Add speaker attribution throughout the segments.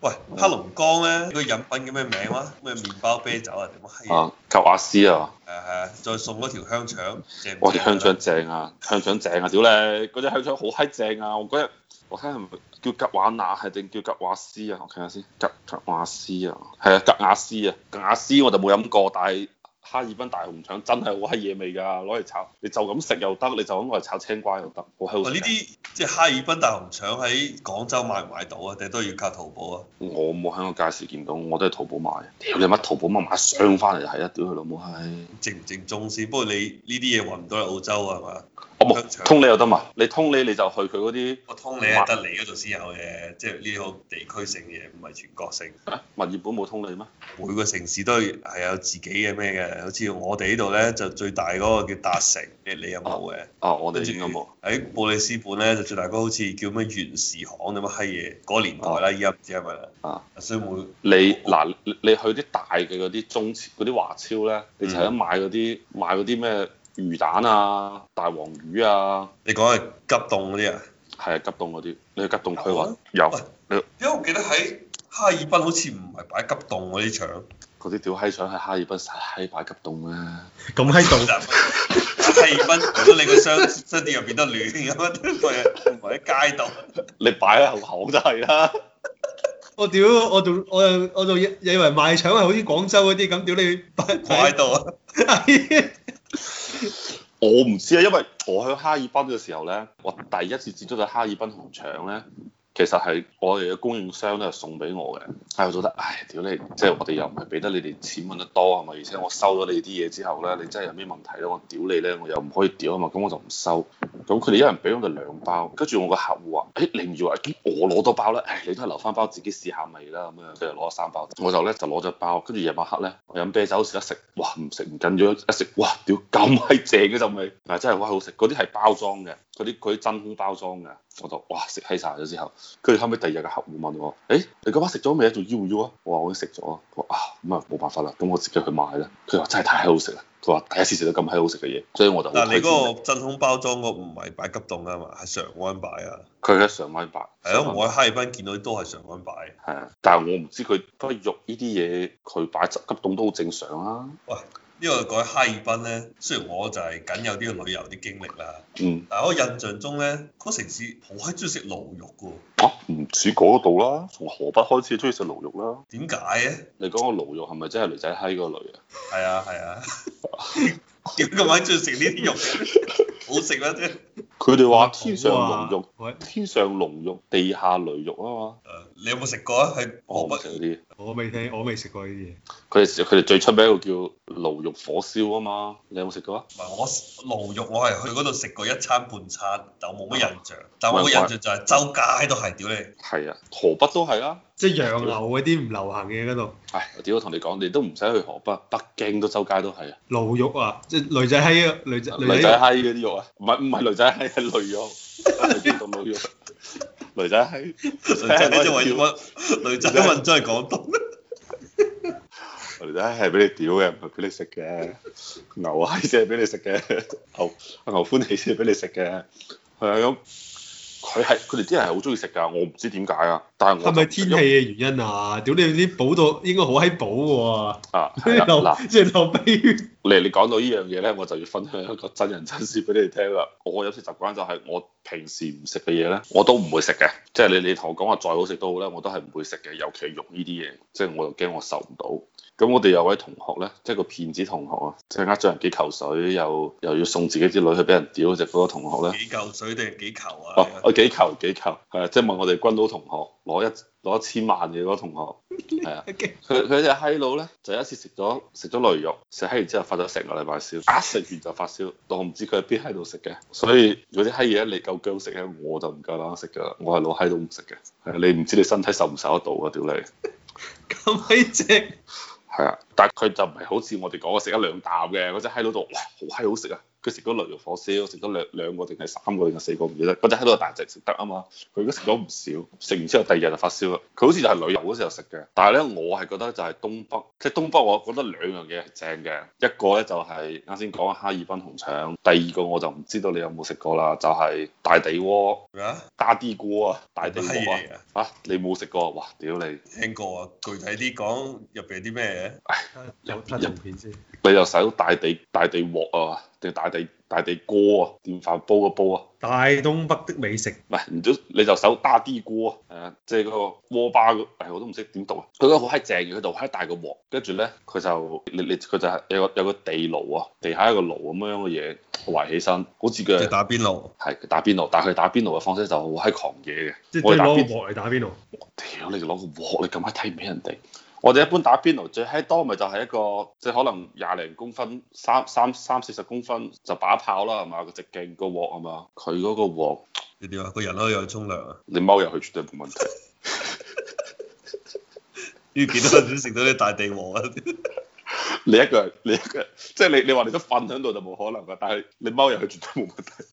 Speaker 1: 喂，黑龍江咧，嗰個飲品叫咩名啊？咩麵包啤酒啊？點、
Speaker 2: hey, 啊？格瓦斯啊！誒誒、啊，再送嗰條香腸正。哇，條香腸正啊，香腸正啊，屌你、啊！嗰隻香腸好閪正啊！我嗰日我睇係叫格瓦娜係定叫格瓦斯啊？我睇下先，格格瓦斯啊，係啊，格瓦斯啊，格瓦斯啊，格瓦斯我就冇飲過，但係。哈爾濱大紅腸真係好閪嘢味㗎，攞嚟炒你就咁食又得，你就咁攞嚟炒青瓜又得。我呢啲、啊、即係哈爾濱大紅腸喺廣州買唔買到啊？定都要靠淘寶啊？我冇喺我街市見到，我都係淘寶買。屌你乜淘寶乜買,買箱翻嚟就係啦，屌佢老母閪！正唔
Speaker 1: 正宗先？不過你呢啲嘢運唔到去澳洲係嘛？
Speaker 2: 我冇、啊、通你又得嘛？你通
Speaker 1: 你通就你就去佢嗰啲。我通你係得你嗰度先有嘅，即係呢個地區性嘢，唔係全國性。物業本冇通你咩？每個城市都係係有自己嘅咩嘅。好似我哋呢度咧，就最大嗰個叫達成，你你有冇嘅？哦、
Speaker 2: 啊啊，我哋應有冇。
Speaker 1: 喺、嗯、布里斯本咧，就最大嗰好似叫咩原氏行定乜閪嘢，嗰、嗰個、年代啦，依家唔知係咪啦。啊，是是啊所以會
Speaker 2: 你嗱好，你去啲大嘅嗰啲中嗰啲華超咧，你成日買嗰啲買嗰啲咩魚蛋啊、大黃魚啊，你講係急凍嗰啲啊？係啊，急凍嗰啲，你去急凍區喎。有，啊、有，有
Speaker 1: 因為我記得喺哈爾濱好似唔係擺急凍嗰啲腸。
Speaker 2: 嗰啲屌閪腸喺哈爾濱曬閪擺急凍
Speaker 1: 啦、啊，咁閪凍！哈爾濱，咁你個商商店又變得亂咁樣，同埋喺街道，你擺喺後巷就係啦。我屌，我仲我又我仲以為賣腸係好似廣州嗰啲咁，屌你擺喺度。
Speaker 2: 我唔、啊、 知啊，因為我喺哈爾濱嘅時候咧，我第一次接觸到哈爾濱紅腸咧。其實係我哋嘅供應商咧，係送俾我嘅。哎，我覺得，唉，屌你！即係我哋又唔係俾得你哋錢揾得多係咪？而且我收咗你啲嘢之後咧，你真係有咩問題咧？我屌你咧，我又唔可以屌啊嘛，咁我就唔收。咁佢哋一人俾我哋兩包，跟住我個客戶話：誒、欸，你唔要話，我攞多包啦。唉，你都係留翻包自己試下味啦咁樣。佢就攞咗三包，我就咧就攞咗包。跟住夜晚黑咧，我飲啤酒時一食，哇！唔食唔緊要，一食，哇！屌咁閪正嘅就味、是，啊真係好好食！嗰啲係包裝嘅，嗰啲佢真空包裝嘅。我就哇，食閪晒咗之後，跟住後尾第二日嘅客戶問我：，誒、欸，你嗰包食咗未啊？仲要唔要啊？我話我已經食咗。啊。」佢話啊，咁啊冇辦法啦，咁我自己去買啦。佢話真係太好食啦！佢話第一次食到咁閪好食嘅嘢，所以我就，但係你嗰個
Speaker 1: 真空包裝個唔係擺急凍啊
Speaker 2: 嘛，係常溫擺啊。佢喺常溫擺。係啊，我喺哈
Speaker 1: 爾濱見到都係常溫擺。係啊，
Speaker 2: 但係我唔知佢骨肉呢啲嘢，佢擺急凍都好正常啊。喂！
Speaker 1: 因個講起哈爾濱咧，雖然我就係僅有啲嘅旅遊啲經歷啦，嗯，但係我印象中咧，嗰城市好閪中意食驢肉嘅，
Speaker 2: 唔似嗰度啦，從河北開始中意食驢肉啦，點解咧？你講個驢肉係咪真係女仔閪嗰類啊？係啊係啊，點解咁閪中意食呢啲肉？ 好食咩啫？ 佢哋話天上龍肉，哇天上龍肉，喂地下驢肉啊嘛，啊。你有
Speaker 1: 冇食過啊？喺
Speaker 2: 河北嗰啲，
Speaker 1: 我未聽，我未食過呢啲嘢。
Speaker 2: 佢哋佢哋最出名一個叫驢肉火燒啊嘛，你有冇食過啊？唔
Speaker 1: 係我驢肉，我係去嗰度食過一餐半餐，但我
Speaker 2: 冇乜印象。喂但係我印象就係、是、喂周街都係，屌你！係啊，河北都係啊，即係羊樓嗰啲唔流行嘅嘢嗰度。唉，屌！我同你講，你都唔使去河北，北京都周街都係啊。
Speaker 1: 驢肉啊，即係雷仔閪啊，女仔
Speaker 2: 雷仔閪嗰啲肉啊，唔係唔係雷仔閪。係驢肉，
Speaker 1: 邊
Speaker 2: 度驢肉？驢仔係，驢 仔呢隻雲乜？女仔啲雲真係廣東。女仔係俾你屌嘅，唔係俾你食嘅。牛閪先係俾你食嘅， 牛牛歡喜先係俾你食嘅，係啊咁。佢係佢哋啲人係好中意食噶，我唔知點解啊。但係係咪
Speaker 1: 天氣嘅原因啊？屌你啲補到應該好閪補
Speaker 2: 喎。啊，即即係就比如嚟，你講到呢樣嘢咧，我就要分享一個真人真事俾你哋聽啦。我有時習慣就係我平時唔食嘅嘢咧，我都唔會食嘅。即係你你同我講話再好食都好咧，我都係唔會食嘅。尤其係肉呢啲嘢，即係我又驚我受唔到。咁我哋有位同學咧，即係個騙子同學啊，即係呃咗人幾球水，又又要送自己啲女去俾人屌隻嗰個同學咧。幾嚿水定係幾球啊？哦，幾球幾球，係啊，即係問我哋軍佬同學攞一攞一千萬嘅嗰個同學，係啊，佢佢隻閪佬咧就一次食咗食咗驢肉，食閪完之後發咗成個禮拜燒，一、啊、食完就發燒，我唔知佢喺邊喺度食嘅，所以嗰啲閪嘢你夠姜食嘅，我就唔夠膽食㗎啦，我係老閪都唔食嘅，係你唔知你身體受唔受得到啊屌你！咁閪正。係啊，但係佢就唔係好似我哋講嘅食一兩啖嘅嗰隻喺嗰度，哇，好閪好食啊！食咗驢肉火燒，食咗兩兩個定係三個定係四個唔記得，嗰陣喺度大隻食得啊嘛。佢都食咗唔少，食完之後第二日就發燒啦。佢好似就係旅遊嗰時候食嘅，但係咧我係覺得就係東北，即係東北，我覺得兩樣嘢係正嘅。一個咧就係啱先講嘅哈爾濱紅腸，第二個我就唔知道你有冇食過啦，就係大地鍋。咩？打地鍋，打啲鍋啊！大地鍋咩？啊！吓？你冇食過哇？屌你！
Speaker 1: 聽過啊？具體啲講入邊啲咩？唉，有出影片先。
Speaker 2: 你又洗到大地大地鍋啊？定大地大地鍋啊，電飯煲個煲啊，
Speaker 1: 大東北的美食，
Speaker 2: 唔係唔都你就手打啲鍋啊，係即係嗰個鍋巴個，我都唔識點讀啊，佢個好閪正嘅，佢度閪大個鑊，跟住咧佢就你你佢就係有有個地爐啊，地下一個爐咁樣嘅嘢，圍起身，好似佢打邊爐，係打邊爐，但係佢打邊爐嘅方式就好閪狂野嘅，即係攞個鑊嚟打邊爐，屌你攞個鑊你咁閪睇唔起人哋。我哋一般打邊爐，最閪多咪就係一個，即係可能廿零公分、三三三四十公分就打炮啦，係嘛？個直徑個鑊係嘛？佢嗰個鑊，
Speaker 1: 你哋話？個人可以入去沖涼啊？你踎入去絕對冇問題。要幾多錢食到啲大地鑊啊？ 你一個人，你一個人，
Speaker 2: 即係你你話你都瞓喺度就冇可能㗎，但係你踎入去絕對冇問題。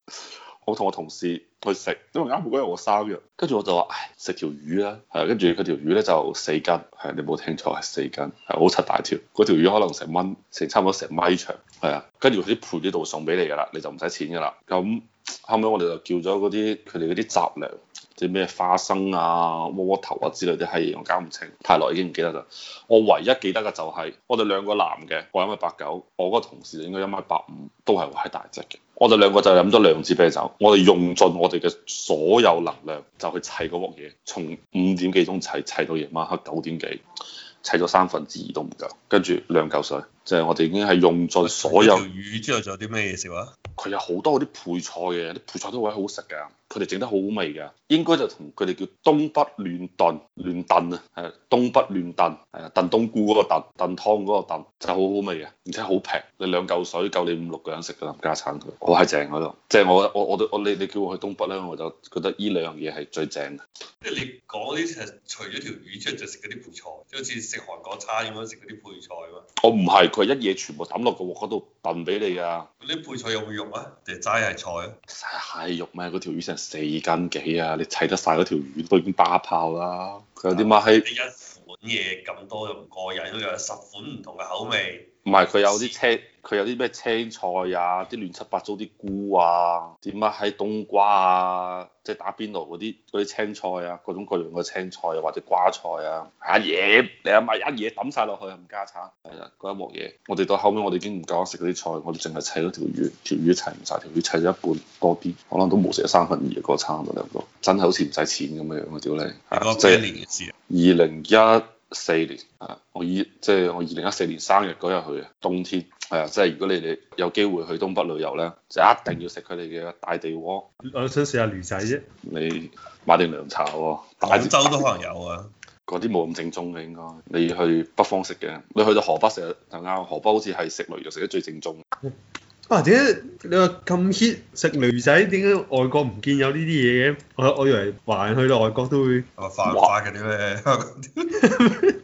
Speaker 2: 我同我同事去食，因為啱好嗰日我生日，跟住我就話：食條魚啦，係。跟住佢條魚咧就四斤，係你冇聽錯，係四斤，係好七大條。嗰條魚可能成蚊，成差唔多成米長，係啊。跟住佢啲盤呢度送俾你㗎啦，你就唔使錢㗎啦。咁後尾我哋就叫咗嗰啲佢哋嗰啲雜糧，即咩花生啊、窩窩頭啊之類啲係，我搞唔清，太耐已經唔記得啦。我唯一記得嘅就係、是、我哋兩個男嘅，我一米八九，我嗰個同事就應該一米八五，都係好大隻嘅。我哋兩個就飲咗兩支啤酒，我哋用盡我哋嘅所有能量就去砌嗰鑊嘢，從五點幾鐘砌砌到夜晚黑九點幾，砌咗三分之二都唔夠，跟住兩嚿水。就係我哋已經係用盡所有魚
Speaker 1: 之後，仲有啲咩嘢食啊？
Speaker 2: 佢有好多嗰啲配菜嘅，啲配菜都會好食㗎。佢哋整得好好味㗎，應該就同佢哋叫東北亂燉亂燉啊，係東北亂燉，係啊燉冬菇嗰個燉，燉湯嗰個,個燉，就好好味啊，而且好平，你兩嚿水夠你五六個人食嘅冚家產，佢好係正嗰度。即係我我我,我你你叫我去東北咧，我就覺得呢兩樣嘢係最正嘅。即
Speaker 1: 係你講嗰啲除咗條魚之後，就食嗰啲配菜，好似食韓國餐咁樣食嗰啲配菜我
Speaker 2: 唔係。佢一嘢全部抌落個鑊嗰度燉俾你啊！
Speaker 1: 嗰啲配菜有冇肉啊？定係齋係菜？啊、
Speaker 2: 哎？係肉咩？嗰條魚成四斤幾啊！你砌得晒嗰條魚都已經爆泡啦！佢有啲乜閪？你一
Speaker 1: 款嘢咁多又唔過癮，又有十款唔同嘅口味。
Speaker 2: 唔係佢有啲青，佢有啲咩青菜啊，啲亂七八糟啲菇啊，點解喺冬瓜啊，即、就、係、是、打邊爐嗰啲啲青菜啊，各種各樣嘅青菜、啊、或者瓜菜啊，一嘢你阿媽一嘢抌晒落去唔加餐，係啦嗰一幕嘢，我哋到後尾我哋已經唔夠食嗰啲菜，我哋淨係砌咗條魚，條魚砌唔晒，條魚砌咗一半多啲，可能都冇食得三分二個餐到兩個，真係好似唔使錢咁嘅樣我屌你，幾、就是、年嘅事啊，二零一四年啊！我二即係我二零一四年生日嗰日去嘅，冬天係啊！即係如果你哋有機會去東北旅遊咧，就一定要食佢哋嘅大地鍋。
Speaker 1: 我想試下驢仔啫。
Speaker 2: 你買定涼茶喎，廣州都可能有啊。嗰啲冇咁正宗嘅應該，你去北方食嘅，你去到河北食就啱，河北好似係食驢肉食得最正宗。嗯
Speaker 1: 啊！點解你話咁 hit 食雷仔？點解外國唔見有呢啲嘢嘅？我我以為凡去到外國都會文哇化嘅啲咩？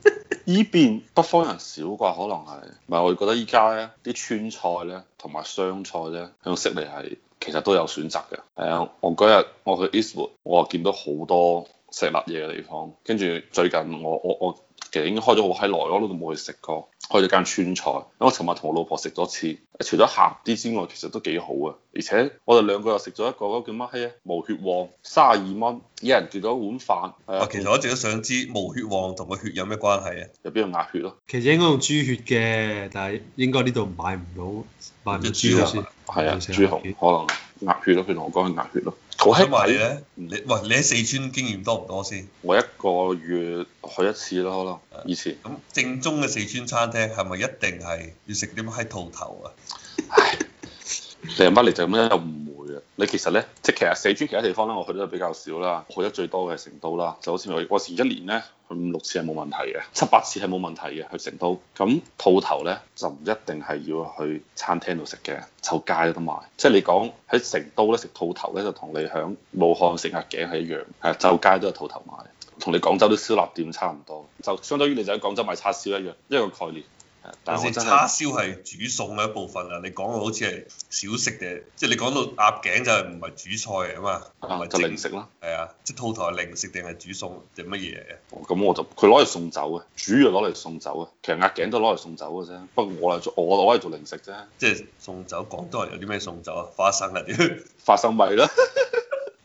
Speaker 2: 依 邊北方人少啩，可能係唔係？我覺得依家咧啲川菜咧同埋湘菜咧，喺度食嚟係其實都有選擇嘅。啊、呃，我嗰日我去 Eastwood，我又見到好多食辣嘢嘅地方。跟住最近我我我。我其實已經開咗好閪耐，我嗰度冇去食過。開咗間川菜，咁我尋日同我老婆食咗次，除咗鹹啲之外，其實都幾好啊。而且我哋兩個又食咗一個嗰叫乜閪啊？毛、哎、血旺，三十二蚊，一人跌咗一碗飯。啊、呃，其實我一直都想知毛血旺同個血有咩關係啊？就邊度鴨血咯？
Speaker 1: 其實應該用豬血嘅，但係應該呢度買唔
Speaker 2: 到，買唔到豬血。係啊，豬，豬紅可能鴨血咯，佢同我講係鴨血咯。好閪！你咧，
Speaker 1: 你喂，你喺四川經驗多唔多先？
Speaker 2: 我一個月去一次咯，可能以前。咁
Speaker 1: 正宗嘅四川餐廳，係咪一定係要食啲咩係兔頭
Speaker 2: 啊？成日翻嚟就咁樣又唔～你其實咧，即係其實四川其他地方咧，我去得比較少啦。我去得最多嘅係成都啦，就好似我以前一年咧去五六次係冇問題嘅，七八次係冇問題嘅去成都。咁兔頭咧就唔一定係要去餐廳度食嘅，就街度有得賣。即係你講喺成都咧食兔頭咧，就同你響武漢食鴨頸係一樣，係就街都有兔頭賣，同你廣州啲燒臘店差唔多，就相當於你就喺廣州買叉燒一樣，一個概念。好似叉燒係煮餸嘅一部
Speaker 1: 分啊！你講到好似係小食嘅，即係你講到鴨頸就係唔係主菜啊嘛，
Speaker 2: 唔係做零食咯。
Speaker 1: 係啊，即係兔頭係零食定係煮餸定乜嘢啊？
Speaker 2: 咁、哦、我就佢攞嚟送酒啊，煮就攞嚟送酒啊。其實鴨頸都攞嚟送酒嘅啫。不過我嚟做我攞嚟做零食啫。即係送酒。廣東人有啲咩送酒啊？花生啊，啲花生米啦，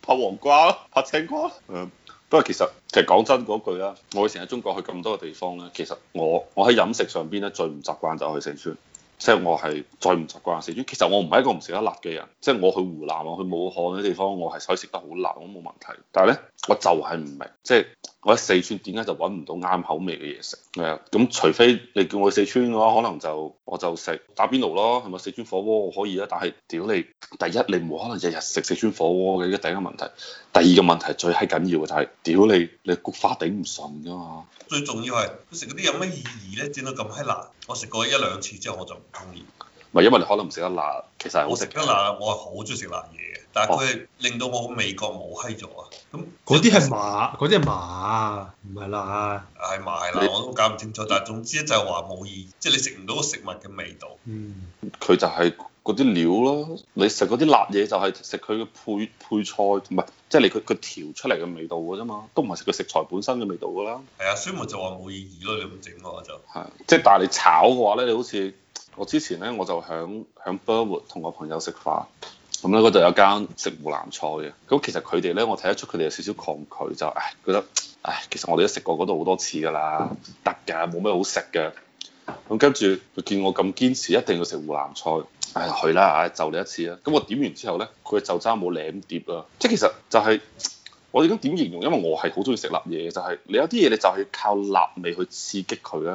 Speaker 2: 拍 黃瓜啦，拍青瓜啦。不過其實其實講真嗰句啊，我以前喺中國去咁多個地方咧，其實我我喺飲食上邊咧最唔習慣就係去四川，即係我係最唔習慣四川。其實我唔係一個唔食得辣嘅人，即係我去湖南啊、去武漢啲地方，我係可以食得好辣，我冇問題。但係咧，我就係唔明，即係。我喺四川點解就揾唔到啱口味嘅嘢食？係啊，咁除非你叫我去四川嘅、啊、話，可能就我就食打邊爐咯，係咪？四川火鍋我可以啊，但係屌你，第一你冇可能日日食四川火鍋嘅，依第一個問題。第二個問題最閪緊要嘅就係屌你，你菊花頂唔順噶嘛、啊。最重
Speaker 1: 要係食嗰啲有咩意義咧？整到咁閪辣，我食過一兩次之後我就唔中意。
Speaker 2: 唔係，因為你可能唔食得辣，其實係好食得
Speaker 1: 辣，我係好中意食辣嘢嘅。但係佢係令到我味覺冇閪咗啊！咁嗰啲係麻，嗰啲係麻，唔係辣。嚇。係麻係辣，你我都搞唔清楚。但係總之就係話無味，即係你食唔到食物嘅味道。
Speaker 2: 嗯，佢就係。嗰啲料咯，你食嗰啲辣嘢就係食佢嘅配配菜，唔係即係你佢佢調出嚟嘅味道㗎啫嘛，都唔係食佢食材本身嘅味道噶啦。
Speaker 1: 係啊的，所以我就話
Speaker 2: 冇意義咯，你咁整我就。係，即係但係你炒嘅話咧，你好似我之前咧，我就響響 Burnwood 同我朋友食飯，咁咧嗰度有間食湖南菜嘅，咁其實佢哋咧，我睇得出佢哋有少少抗拒，就唉覺得唉，其實我哋都食過嗰度好多次㗎啦，得㗎，冇咩好食嘅。咁跟住佢見我咁堅持，一定要食湖南菜，唉、哎，去啦，唉，就你一次啊！咁我點完之後咧，佢就差冇兩碟啊！即係其實就係、是、我哋咁點形容，因為我係好中意食辣嘢，就係、是、你有啲嘢你就係靠辣味去刺激佢咧，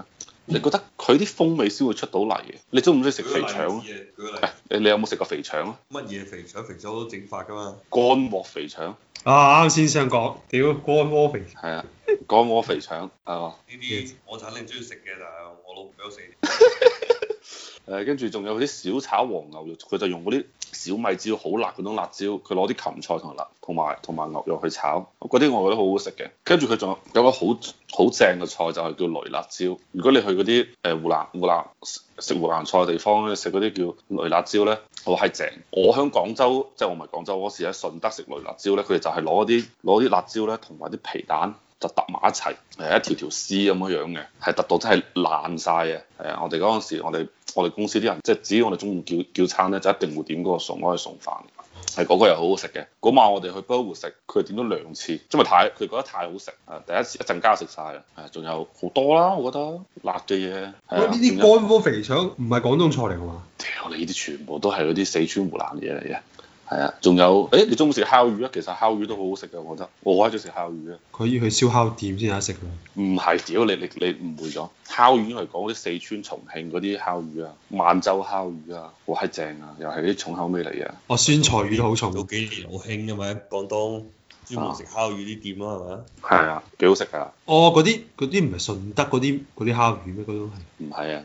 Speaker 2: 嗯、你覺得佢啲風味先會出到嚟嘅？你中唔中意食肥腸啊？誒你有冇食過肥腸啊？
Speaker 1: 乜嘢肥腸？肥腸都整法㗎嘛。乾鍋肥腸。啊啱先想講，屌乾鍋肥腸。係啊。乾鍋肥腸係嘛？呢啲我就肯定
Speaker 2: 中
Speaker 1: 意食嘅，就係我老
Speaker 2: 婆都食。誒、 呃，跟住仲有啲小炒黃牛肉，佢就用嗰啲小米椒好辣嗰種辣椒，佢攞啲芹菜同埋同埋同埋牛肉去炒，嗰啲我覺得好好食嘅。跟住佢仲有有個好好正嘅菜，就係、是、叫擂辣椒。如果你去嗰啲誒湖南湖南食，食湖南菜嘅地方咧，食嗰啲叫擂辣椒咧，我係正。我喺廣州即係、就是、我唔係廣州我時喺順德食擂辣椒咧，佢哋就係攞啲攞啲辣椒咧，同埋啲皮蛋。就搭埋一齊，誒一條條絲咁樣樣嘅，係揼到真係爛晒嘅。係啊，我哋嗰陣時，我哋我哋公司啲人，即係只要我哋中午叫叫餐咧，就一定會點嗰個餸攞去餸飯。係嗰、嗰個又好好食嘅。嗰、嗰個、晚我哋去煲活食，佢點咗兩次，因為太佢覺得太好食啊！第一次一陣間食晒啊，仲有好多啦，我覺得辣嘅嘢。喂，呢啲乾
Speaker 1: 鍋肥腸唔係廣東菜嚟㗎嘛？我
Speaker 2: 哋呢啲全部都係嗰啲四川湖南嘢嚟嘅。係啊，仲有，誒、欸，你中意食烤魚啊？其實烤魚都好好食嘅，我覺得，我好中意食烤魚啊。佢要去燒烤店先有得食嘅。唔係，屌你你你誤會咗。烤魚因為講啲四川、重慶嗰啲烤魚啊，萬州烤魚啊，好閪正啊，又係啲重口味嚟啊。
Speaker 1: 哦，酸菜魚都好重，都幾年流行嘅咪，廣東專門食烤魚啲店咯係咪啊？
Speaker 2: 係吧啊，幾好食㗎。
Speaker 1: 哦，嗰啲嗰啲唔係順德嗰啲嗰啲烤魚咩？嗰啲係。
Speaker 2: 唔係啊，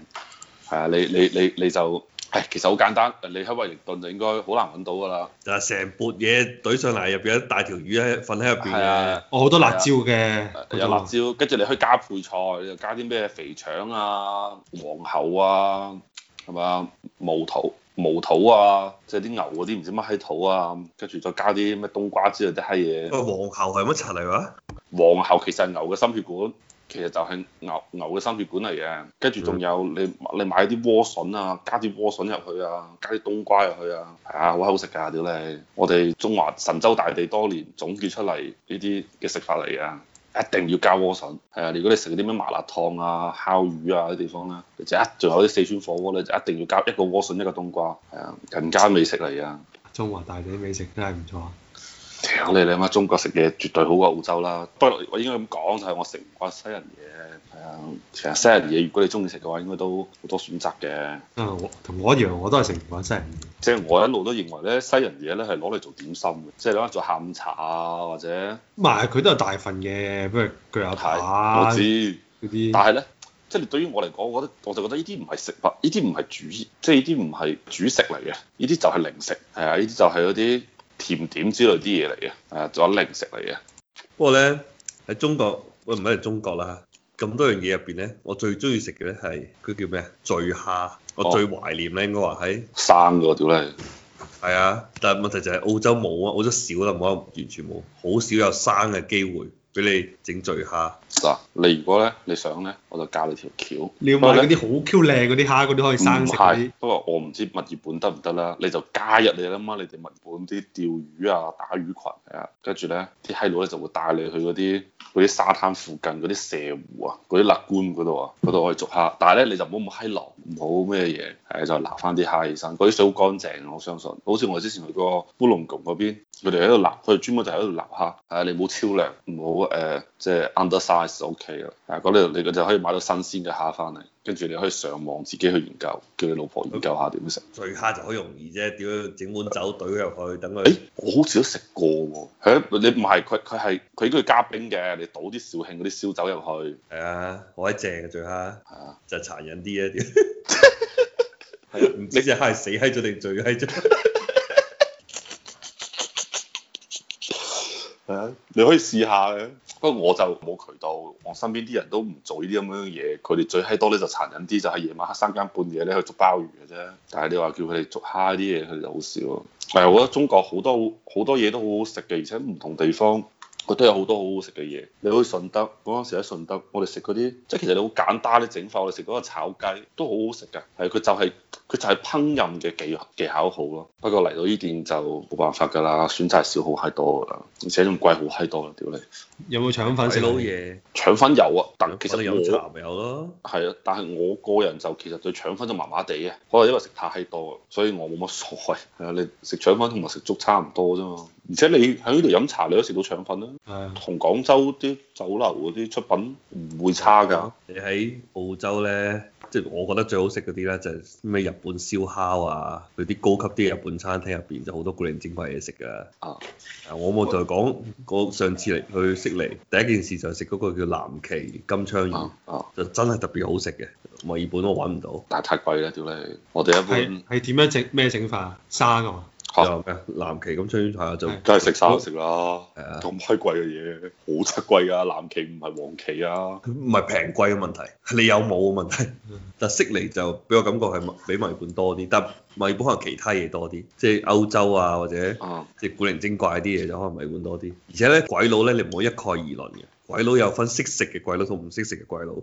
Speaker 2: 係啊，你你你你，你就。哎、其實好簡單，你喺惠靈頓就應該好難揾到㗎啦。就係成盤嘢懟上嚟，入邊一大條魚喺瞓喺入邊啊，我好、哦、多辣椒
Speaker 1: 嘅，啊、重有辣
Speaker 2: 椒，跟住你可以加配菜，你又加啲咩肥腸啊、黃喉啊，係咪啊？毛肚、毛肚啊，即係啲牛嗰啲唔知乜閪肚啊，跟住再加啲咩冬瓜之類啲閪嘢。黃喉係乜柒嚟㗎？黃喉、啊、其實係牛嘅心血管。其實就係牛牛嘅心血管嚟嘅，跟住仲有你你買啲萵筍啊，加啲萵筍入去啊，加啲冬瓜入去啊，係啊，好好食㗎，屌你！我哋中華神州大地多年總結出嚟呢啲嘅食法嚟啊，一定要加萵筍，係啊！如果你食啲咩麻辣燙啊、烤魚啊啲地方咧，就、啊、一仲有啲四川火鍋咧，就一定要加一個萵筍一個冬瓜，係啊，人間美食嚟啊！
Speaker 1: 中華大地美食真係唔錯。
Speaker 2: 請你你阿媽中國食嘢絕對好過澳洲啦，不過我應該咁講就係、是、我食唔慣西人嘢，係啊，其實西人嘢，如果你中意食嘅話，應該都好多選擇嘅。同、啊、我，我一樣，我
Speaker 1: 都係食唔慣西人嘢。
Speaker 2: 即係我一路都認為咧，西人嘢咧係攞嚟做點心嘅，即係攞嚟做下午茶啊或者。唔係，佢都有大份嘅，不如據下睇。我知。嗰啲。但係咧，即係你對於我嚟講，我覺得我就覺得呢啲唔係食物，呢啲唔係主，即係呢啲唔係主食嚟嘅，呢啲就係零食，係啊，呢啲就係嗰啲，甜點之類啲嘢嚟嘅，啊仲有零食嚟嘅。
Speaker 1: 不過咧喺中國，喂唔係喺中國啦，咁多樣嘢入邊咧，我最中意食嘅咧係佢叫咩啊？醉蝦，哦，我最懷念咧應該話喺
Speaker 2: 生嗰條咧，
Speaker 1: 係啊，但係問題就係澳洲冇啊，澳洲少啦，我完全
Speaker 2: 冇，好少有生嘅機會。俾你整醉蝦嗱，你如果咧你想咧，我就教你條橋。你要買嗰啲
Speaker 1: 好 Q 靚嗰啲蝦，嗰啲可以生食。
Speaker 2: 不過我唔知墨爾本得唔得啦，你就加入嚟啦嘛。你哋墨爾本啲釣魚啊、打魚群啊，跟住咧啲閪佬咧就會帶你去嗰啲啲沙灘附近嗰啲蛇湖啊、嗰啲立官嗰度啊，嗰度可以捉蝦。但係咧你就唔好咁閪流，唔好咩嘢，係就拿翻啲蝦起身。嗰啲水好乾淨，我相信。好似我之前去過烏龍嶺嗰邊。佢哋喺度立，佢哋專門就喺度立蝦。係啊，你唔好超量，唔好誒，即係 under size 就 OK 啦。嗰度你就可以買到新鮮嘅蝦翻嚟，跟住你可以上網自己去研究，叫你老婆研究下點食。醉蝦就好容易啫，點樣整碗酒兌入去等佢。誒 t ainsi，我好似都食過喎、嗯。你唔係佢佢係佢都要加冰嘅，你倒啲肇慶嗰啲燒酒入去。係啊，好閪正嘅醉蝦。係啊、yeah,，就係殘忍啲啊屌！係啊，唔知隻蝦係死閪咗定醉閪咗？係啊，你可以試下嘅。不過我就冇渠道，我身邊啲人都唔做呢啲咁樣嘢。佢哋最閪多咧就殘忍啲，就係夜晚黑三更半夜咧去捉鮑魚嘅啫。但係你話叫佢哋捉蝦啲嘢，佢哋好少。係，我覺得中國好多好多嘢都好好食嘅，而且唔同地方。佢都有好多好好食嘅嘢，你去順德嗰陣時喺順德，我哋食嗰啲即係其實你好簡單啲整法，我哋食嗰個炒雞都好好食噶，係佢就係、是、佢就係烹飪嘅技巧技巧好咯。不過嚟到呢店就冇辦法㗎啦，選擇少好閪多㗎啦，而且仲貴好閪多啦，屌你！
Speaker 1: 有冇腸粉食老嘢？
Speaker 2: 的腸粉有啊，但其實我有茶有咯。係啊，但係我個人就其實對腸粉都麻麻地啊，可能因為食太閪多，所以我冇乜所謂。係啊，你食腸粉同埋食粥差唔多啫嘛。而且你喺呢度飲茶，你都食到腸粉啦，同的廣州啲酒樓嗰啲出品唔會差㗎。
Speaker 1: 你喺澳洲咧，即、就、係、是、我覺得最好食嗰啲咧，就係咩日本燒烤啊，佢啲高級啲日本餐廳入邊就好多古靈精怪嘢食㗎。啊！我冇再講，我、啊、上次嚟去悉尼，第一件事就食嗰個叫藍鰭金槍魚，啊啊、就真係特別好食嘅。墨爾本我揾唔到，但係太貴啦，屌你！我哋一般係點樣整咩整法啊？生㗎
Speaker 2: 嚇咩？南芪咁出邊睇下就梗係食生食啦，咁閪、啊、貴嘅嘢好出貴啊！南芪唔係黃芪啊，唔係平貴
Speaker 1: 嘅問題，你有冇嘅問題？但悉尼就俾我感覺係比米本多啲，但米本可能其他嘢多啲，即係歐洲啊或者啊即係古靈精怪啲嘢就可能米本多啲。而且咧鬼佬咧你唔好一概而論嘅，鬼佬有分識食嘅鬼佬同唔識食嘅鬼佬。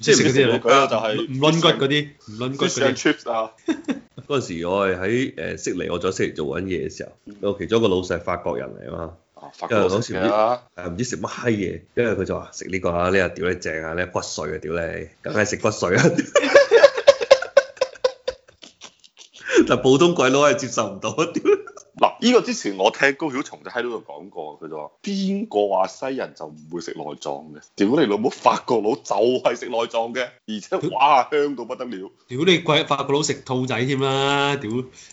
Speaker 1: 即唔
Speaker 2: 識食嘅啲鬼佬就係唔論骨
Speaker 1: 嗰啲，唔論骨嗰啲 嗰陣時我係喺誒悉尼，我仲喺悉尼做緊嘢嘅時候，我其中一個老細係法國人嚟啊嘛，啊，因為嗰時誒唔知食乜閪嘢，跟住佢就話食呢個啊，呢個屌你骨正啊，呢骨髓啊屌你，梗係食骨髓啊，髓
Speaker 2: 但普通鬼佬係接受唔到啊屌！ 呢個之前我聽高曉松就喺度講過，佢就話：邊個話西人就唔會食內臟嘅？屌你老母法國佬就係食內臟嘅，而且他哇香到不得了！
Speaker 1: 屌你鬼法國佬食兔仔添啦！屌，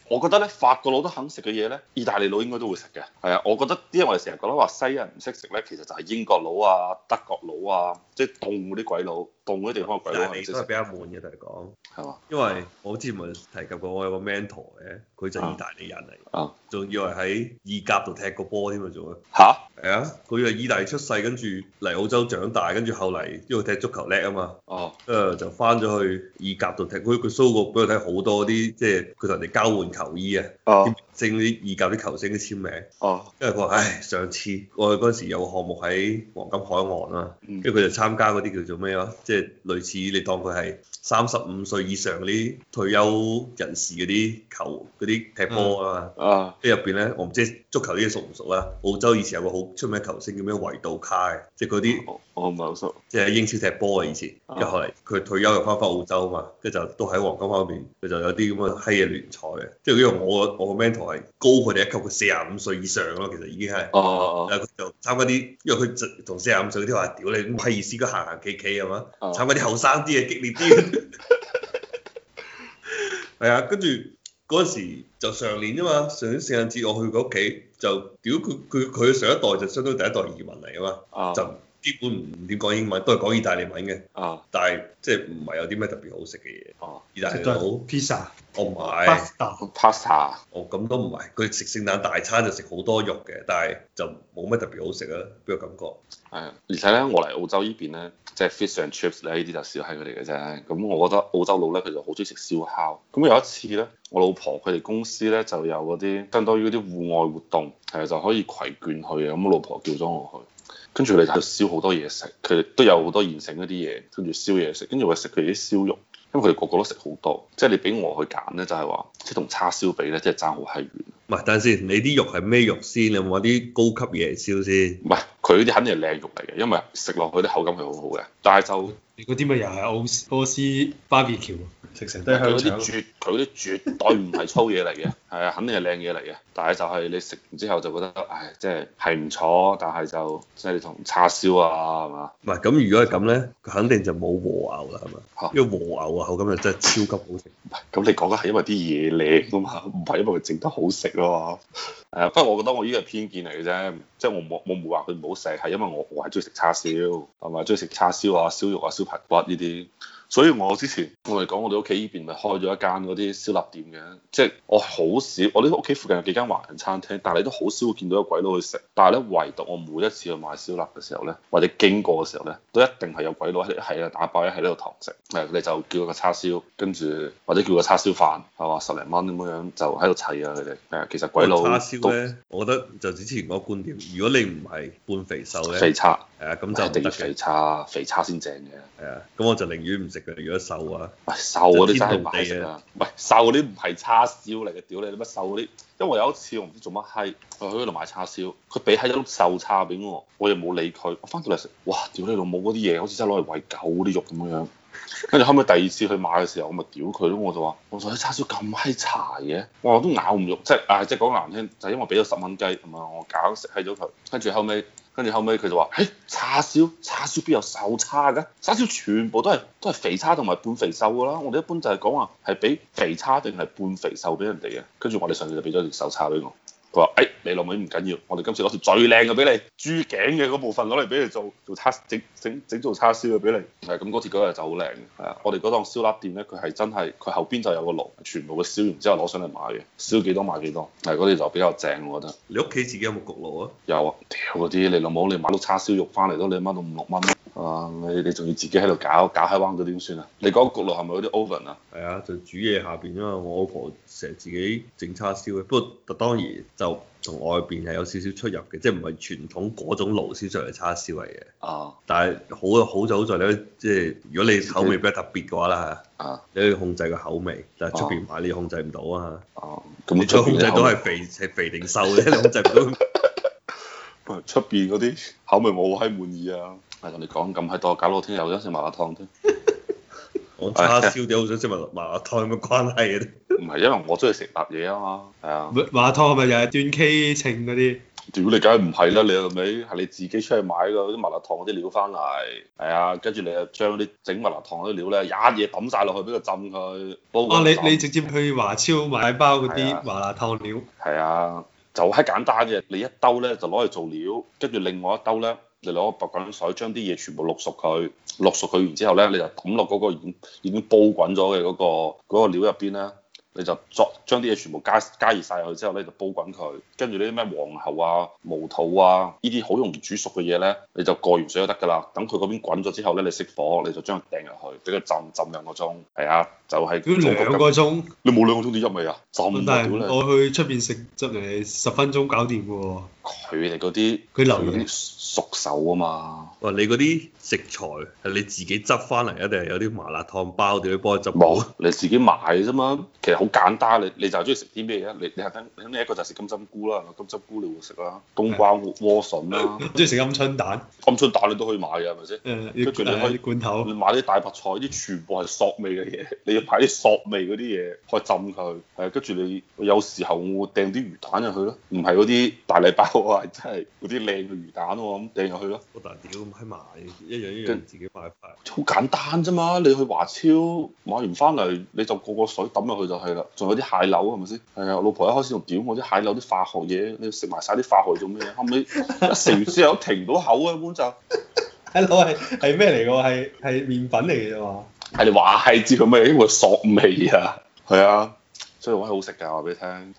Speaker 2: 我覺得咧法國佬都肯食嘅嘢咧，意大利佬應該都會食嘅。係啊，我覺得因為我哋成日覺得話西人唔識食咧，其實就係英國佬啊、德國佬啊，即係凍嗰啲鬼佬。戇嘅地方，意大利都比較悶嘅，就係講係嘛？
Speaker 1: 嗎因為我之前咪提及過，我有個 mentor 嘅，佢就意大利人嚟，仲、啊、以為喺意甲度踢個波添啊，仲吓？係啊！佢係、啊、意大利出世，跟住嚟澳洲長大，跟住後嚟因為踢足球叻啊嘛，啊，誒就翻咗去意甲度踢。佢、佢 show 過，俾我睇好多啲，即係佢同人哋交換球衣啊。啊徵啲意甲啲球星嘅簽名，哦、因為佢話，唉，上次過去嗰陣時有個項目喺黃金海岸啦，跟住佢就參加嗰啲叫做咩啊，即係類似你當佢係。三十五歲以上嗰啲退休人士嗰啲球嗰啲踢波啊嘛，即入邊咧，我唔知足球啲熟唔熟啊。澳洲以前有個好出名球星叫咩維杜卡嘅，即係嗰啲我唔係好熟，即係喺英超踢波啊以前，啊、一住後來佢退休又翻翻澳洲啊嘛，跟住就是、都喺黃金方面，佢就是、有啲咁嘅閪嘅聯賽嘅。即、就、係、是、因為我我個 mentor 係高佢哋一級，佢四十五歲以上咯，其實已經係哦哦哦，參、啊啊啊、加啲，因為佢同四十五歲嗰啲話，屌你咁閪意思，都行行企企係嘛，參加啲後生啲啊，激烈啲。 係啊， 跟住嗰陣時就上年啊嘛，上年聖誕節我去佢屋企，就屌佢佢佢上一代就相當於第一代移民嚟啊嘛，就。啊基本唔唔點講英文，都係講意大利文嘅。啊，但係即係唔係有啲咩特別好食嘅嘢？啊，意大利佬，pizza，哦唔係，pasta，pasta，哦咁都唔係，佢食聖誕大餐就食好多肉嘅，但係就冇咩特別好食啊，邊個感覺？係
Speaker 2: 而且咧，我嚟澳洲呢邊咧，即係 fish and chips 呢，呢啲就少喺佢哋嘅啫。咁我覺得澳洲佬咧，佢就好中意食燒烤。咁有一次咧，我老婆佢哋公司咧就有嗰啲更多於嗰啲戶外活動，係就可以攜眷去嘅。咁我老婆叫咗我去。跟住你就喺度燒好多嘢食，佢哋都有好多現成嗰啲嘢，跟住燒嘢食。跟住我食佢哋啲燒肉，因為佢哋個個都食好多。即係你俾我去揀咧，就係話即係同叉燒比咧，即係爭好閪遠。唔係等陣先，你啲肉係咩肉先？你有冇啲高級嘢燒先？唔係，佢嗰啲肯定係靚肉嚟嘅，因為食落去啲口感係好好嘅。但係就
Speaker 1: 你嗰啲咪又係奧斯波斯巴比喬。佢嗰啲絕，
Speaker 2: 佢啲 絕對唔係粗嘢嚟嘅，係啊，肯定係靚嘢嚟嘅。但係就係你食完之後就覺得，唉，即係係唔錯，但係就即係同叉燒啊，係嘛？
Speaker 1: 唔係咁，如果係咁咧，佢肯定就冇和牛啦，係嘛？
Speaker 2: 因為和牛啊，
Speaker 1: 口感又真係超
Speaker 2: 級好食。唔係，咁你講緊係因為啲嘢靚噶嘛，唔係因為佢整得好食咯。誒， 不過我覺得我呢啲係偏見嚟嘅啫，即係我冇冇冇話佢唔好食，係因為我我係中意食叉燒，係咪？中意食叉燒啊、燒肉啊、燒排骨呢啲。所以我之前我嚟講，我哋屋企依邊咪開咗一間嗰啲燒臘店嘅，即係我好少，我呢屋企附近有幾間華人餐廳，但係你都好少會見到有鬼佬去食。但係咧，唯獨我每一次去買燒臘嘅時候咧，或者經過嘅時候咧，都一定係有鬼佬喺係啊打包喺呢度堂食，誒，佢哋就叫個叉燒，跟住或者叫個叉燒飯，係嘛？十零蚊咁樣樣就喺度砌啊佢哋。誒，其實鬼佬叉燒咧，我覺
Speaker 1: 得就似之前嗰個觀點，如果你唔係半肥瘦咧肥叉、啊，
Speaker 2: 肥叉係啊，咁就唔得嘅。肥叉肥叉先正嘅，係啊，咁我就寧願唔食。佢哋如果瘦啊，喂，瘦啲真係唔抵啊！喂，瘦啲唔係叉燒嚟嘅，屌你！你乜瘦啲？因為有一次我唔知做乜閪，我去嗰度買叉燒，佢俾喺一碌瘦叉俾我，我又冇理佢，我翻到嚟食，哇！屌你老母嗰啲嘢，好似真係攞嚟餵狗嗰啲肉咁樣。跟住後尾第二次去買嘅時候，我咪屌佢咯，我就話：我話啲叉燒咁閪柴嘅，哇都咬唔喐，即係啊即係講難聽，就係因為俾咗十蚊雞，咁咪我搞食閪咗佢？跟住後尾，跟住後尾佢就話：嘿，叉燒，叉燒邊有瘦叉㗎？叉燒全部都係都係肥叉同埋半肥瘦㗎啦。我哋一般就係講話係俾肥叉定係半肥瘦俾人哋嘅。跟住我哋上次就俾咗條瘦叉俾我。佢話：誒、哎，你老母唔緊要，我哋今次攞條最靚嘅俾你，豬頸嘅部分攞嚟俾你做做叉整整整做叉燒嘅俾你。係，咁嗰條嗰日就好靚嘅，啊，的我哋嗰檔燒臘店咧，佢係真係佢後邊就有個爐，全部佢燒完之後攞上嚟賣嘅，燒幾多賣幾多。係嗰啲就比較正，我覺得。你屋企自己有冇焗爐啊？有啊，屌嗰啲，你老母你買到叉燒肉翻嚟都你掹到五六蚊。哦，你你仲要自己喺度搞，搞，搞下彎咗點算啊？你講焗爐係咪嗰啲 oven 啊？
Speaker 1: 係啊，就煮嘢下邊因為我阿婆成日自己整叉燒嘅，不過當然就同外邊係有少少出入嘅，即係唔係傳統嗰種爐燒出嚟叉燒嚟嘅。啊！但係好啊，好在好在你即係如果你口味比較特別嘅話啦嚇，啊、你可以控制個口味，但係出邊買
Speaker 2: 你控制唔到啊，啊。哦、啊，咁、嗯、你控制到係肥係、啊啊嗯、肥定瘦咧？你控制唔到。出邊嗰啲口味我好閪滿意啊！係同你講咁閪多，搞聽日又想食麻辣燙添。
Speaker 1: 我叉燒碟好想食埋麻辣燙有乜關係啊？唔
Speaker 2: 係因為我中意食辣嘢啊
Speaker 1: 嘛，係啊。麻辣燙係咪又係斷 K 稱嗰啲？
Speaker 2: 屌你梗係唔係啦！啊、你係咪係你自己出去買嗰啲麻辣燙嗰啲料翻嚟？係啊，跟住你又將啲整麻辣燙嗰啲料咧，一嘢抌晒落去俾佢浸佢煲。哇、啊！你你直
Speaker 1: 接去華超買包嗰啲麻辣燙
Speaker 2: 料，係啊。就係簡單嘅，你一兜呢就攞嚟做料，跟住另外一兜呢，你攞個白滾水將啲嘢全部落熟佢，落熟佢完之後呢，你就抌落嗰個已經煲滾咗嘅嗰個料入邊啦。你就作將啲嘢全部加加熱晒去之後咧，你就煲滾佢。跟住呢啲咩黃喉啊、毛肚啊，呢啲好容易煮熟嘅嘢咧，你就過完水就得㗎啦。等佢嗰邊滾咗之後咧，你熄火，你就將佢掟入去，俾佢浸浸兩個鐘。係啊，就係。咁兩,兩個鐘，你冇兩個鐘點入味啊？呢但係我
Speaker 1: 去出邊食就係十分鐘搞掂㗎喎。
Speaker 2: 佢哋嗰啲佢留意熟手啊嘛，哇、哦！你嗰啲食材係你自己執翻嚟啊，定係有啲麻辣燙包點樣幫佢執？冇，你自己買啫嘛。其實好簡單，你你就係中意食啲咩嘢啊？你你係等等呢一個就係食金針菇啦，金針菇你會食啦，冬瓜、萵筍啦，中意食鵪鶉蛋，鵪鶉蛋你都可以買嘅，係咪先？跟住、呃、你可以、呃呃、罐頭，你買啲大白菜啲全部係索味嘅嘢，你要擺啲索味嗰啲嘢去浸佢，係啊，跟住你有時候我會掟啲魚蛋入去咯，唔係嗰啲大禮拜。我話真係嗰啲靚嘅魚蛋喎、啊，咁掟入去咯。我但係自己咁閪買，一樣一樣自己快快。好、欸、簡單啫嘛！你去華超買完翻嚟，你就個個水抌入去就係啦。仲有啲蟹柳係咪先？係啊！我老婆一開始仲屌我啲蟹柳啲化學嘢，你食埋晒啲化學做咩？後尾食完之後停唔到口啊！一般就，啲
Speaker 1: 蟹柳係咩嚟㗎？係係麵粉嚟嘅啫嘛。
Speaker 2: 係、哎、你話係字，佢咩？因為索味啊？係啊，所以我閪好食㗎，我話俾你聽。